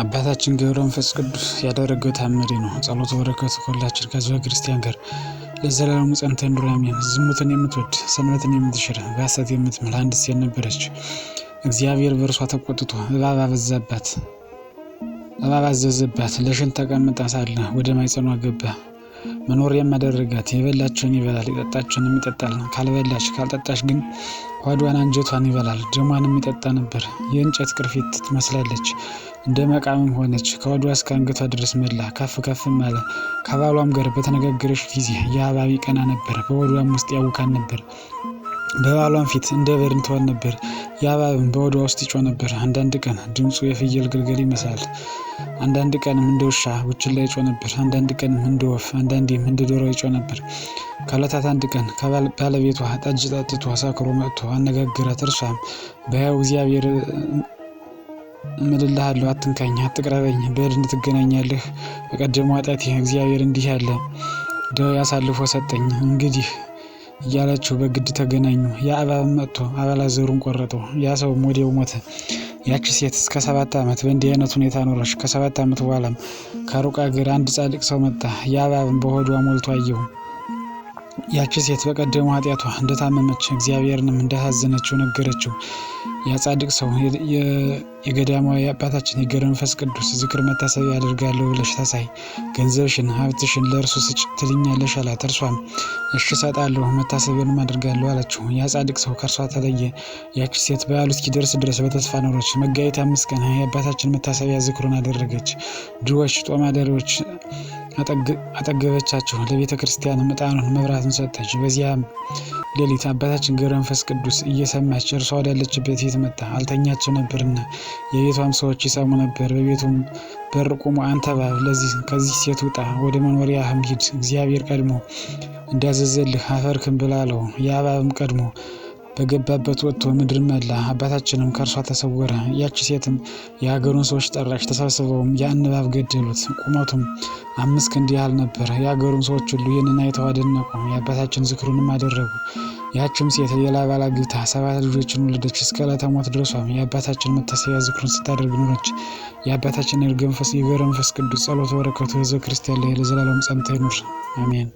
አባታችን ገብረ መንፈስ ቅዱስ ያደረገው ታምሪ ነው። ጸሎት በረከቱ ከሁላችን ከሕዝበ ክርስቲያን ጋር ለዘላለሙ ጸንተ ኑር አሜን። ዝሙትን የምትወድ ሰንበትን የምትሽር በሐሰት የምትምል አንድ ሴት ነበረች። እግዚአብሔር በእርሷ ተቆጥቶ እባብ አበዛባት እባብ አዘዘባት። ለሽንት ተቀምጣ ሳለ ወደ ማኅፀኗ ገባ። መኖር የማደረጋት የበላችውን ይበላል፣ የጠጣችውንም ይጠጣል። ካልበላች ካልጠጣች ግን ሆዷን አንጀቷን ይበላል፣ ደሟን የሚጠጣ ነበር። የእንጨት ቅርፊት ትመስላለች፣ እንደ መቃምም ሆነች። ከሆዷ እስከ አንገቷ ድረስ መላ፣ ከፍ ከፍም አለ። ከባሏም ጋር በተነጋገረች ጊዜ የአባቢ ቀና ነበር፣ በሆዷም ውስጥ ያውካን ነበር። በባሏን ፊት እንደ በድን ትሆን ነበር። የአባብን በሆዷ ውስጥ ይጮ ነበር። አንዳንድ ቀን ድምፁ የፍየል ግልገል ይመስላል። አንዳንድ ቀንም እንደ ውሻ ላይ ይጮህ ነበር። አንዳንድ ቀንም እንደ ወፍ፣ አንዳንዴም እንደ ዶሮ ይጮ ነበር። ከዕለታት አንድ ቀን ከባለቤቷ ጠጅ ጠጥቶ ሰክሮ መጥቶ አነጋገራት። እርሷም በያው እግዚአብሔር እምልልሃለሁ አትንካኝ፣ አትቅረበኝ፣ በድ ትገናኛለህ። በቀደሙ ኃጢአቴ እግዚአብሔር እንዲህ ያለ ደዌ አሳልፎ ሰጠኝ። እንግዲህ እያለችው በግድ ተገናኙ። ያ እባብም መጥቶ አባላት ዘሩን ቆረጠው። ያ ሰውም ወዲያው ሞተ። ያቺ ሴት እስከ ሰባት ዓመት በእንዲህ አይነት ሁኔታ ኖረች። ከሰባት ዓመት በኋላም ከሩቅ አገር አንድ ጻድቅ ሰው መጣ። ያ በሆዷ ሞልቶ አየው። ያቺ ሴት በቀደሙ ኃጢአቷ እንደታመመች እግዚአብሔርንም እንዳሳዘነችው ነገረችው። ያጻድቅ ሰው የገዳማዊ አባታችን የገብረ መንፈስ ቅዱስ ዝክር መታሰቢያ ያደርጋለሁ ብለሽ ታሳይ፣ ገንዘብሽን ሀብትሽን ለእርሱ ስጭ ትልኛለሽ አላት። እርሷም እሺ እሰጣለሁ፣ መታሰቢያንም አድርጋለሁ አለችው። ያጻድቅ ሰው ከእርሷ ተለየ። ያቺ ሴት በዓሉ እስኪደርስ ድረስ በተስፋ ኖሮች። መጋየት አምስት ቀን የአባታችን መታሰቢያ ዝክሩን አደረገች። ድሆች፣ ጦም አዳሪዎች አጠገበቻቸው፣ ለቤተ ክርስቲያን ዕጣኑን መብራትን ሰጠች። በዚያም ሌሊት አባታችን ገብረ መንፈስ ቅዱስ እየሰማች እርሷ ወዳለችበት ቤት መጣ። አልተኛቸው ነበርና የቤቷም ሰዎች ይሰሙ ነበር። በቤቱም በር ቁሞ አንተ እባብ ከዚህ ሴት ውጣ፣ ወደ መኖሪያህም ሂድ፣ እግዚአብሔር ቀድሞ እንዳዘዘልህ አፈር ክም ብላ የእባብም ቀድሞ በገባበት ወጥቶ ምድር መላ። አባታችንም ከእርሷ ተሰወረ። ያቺ ሴትም የሀገሩን ሰዎች ጠራች። ተሰብስበውም ያን እባብ ገደሉት። ቁመቱም አምስት ክንድ ያህል ነበር። የሀገሩን ሰዎች ሁሉ ይህንን አይተው አደነቁ። የአባታችን ዝክሩንም አደረጉ። ያችም ሴት ሌላ ባል አግብታ ሰባት ልጆችን ወለደች። እስከ ዕለተ ሞት ድረሷም የአባታችን መታሰቢያ ዝክሩን ስታደርግ ኖረች። የአባታችን የገብረ መንፈስ ቅዱስ ጸሎት በረከቱ ሕዝበ ክርስቲያን ላይ ለዘላለም ጸንታ ይኑር፣ አሜን።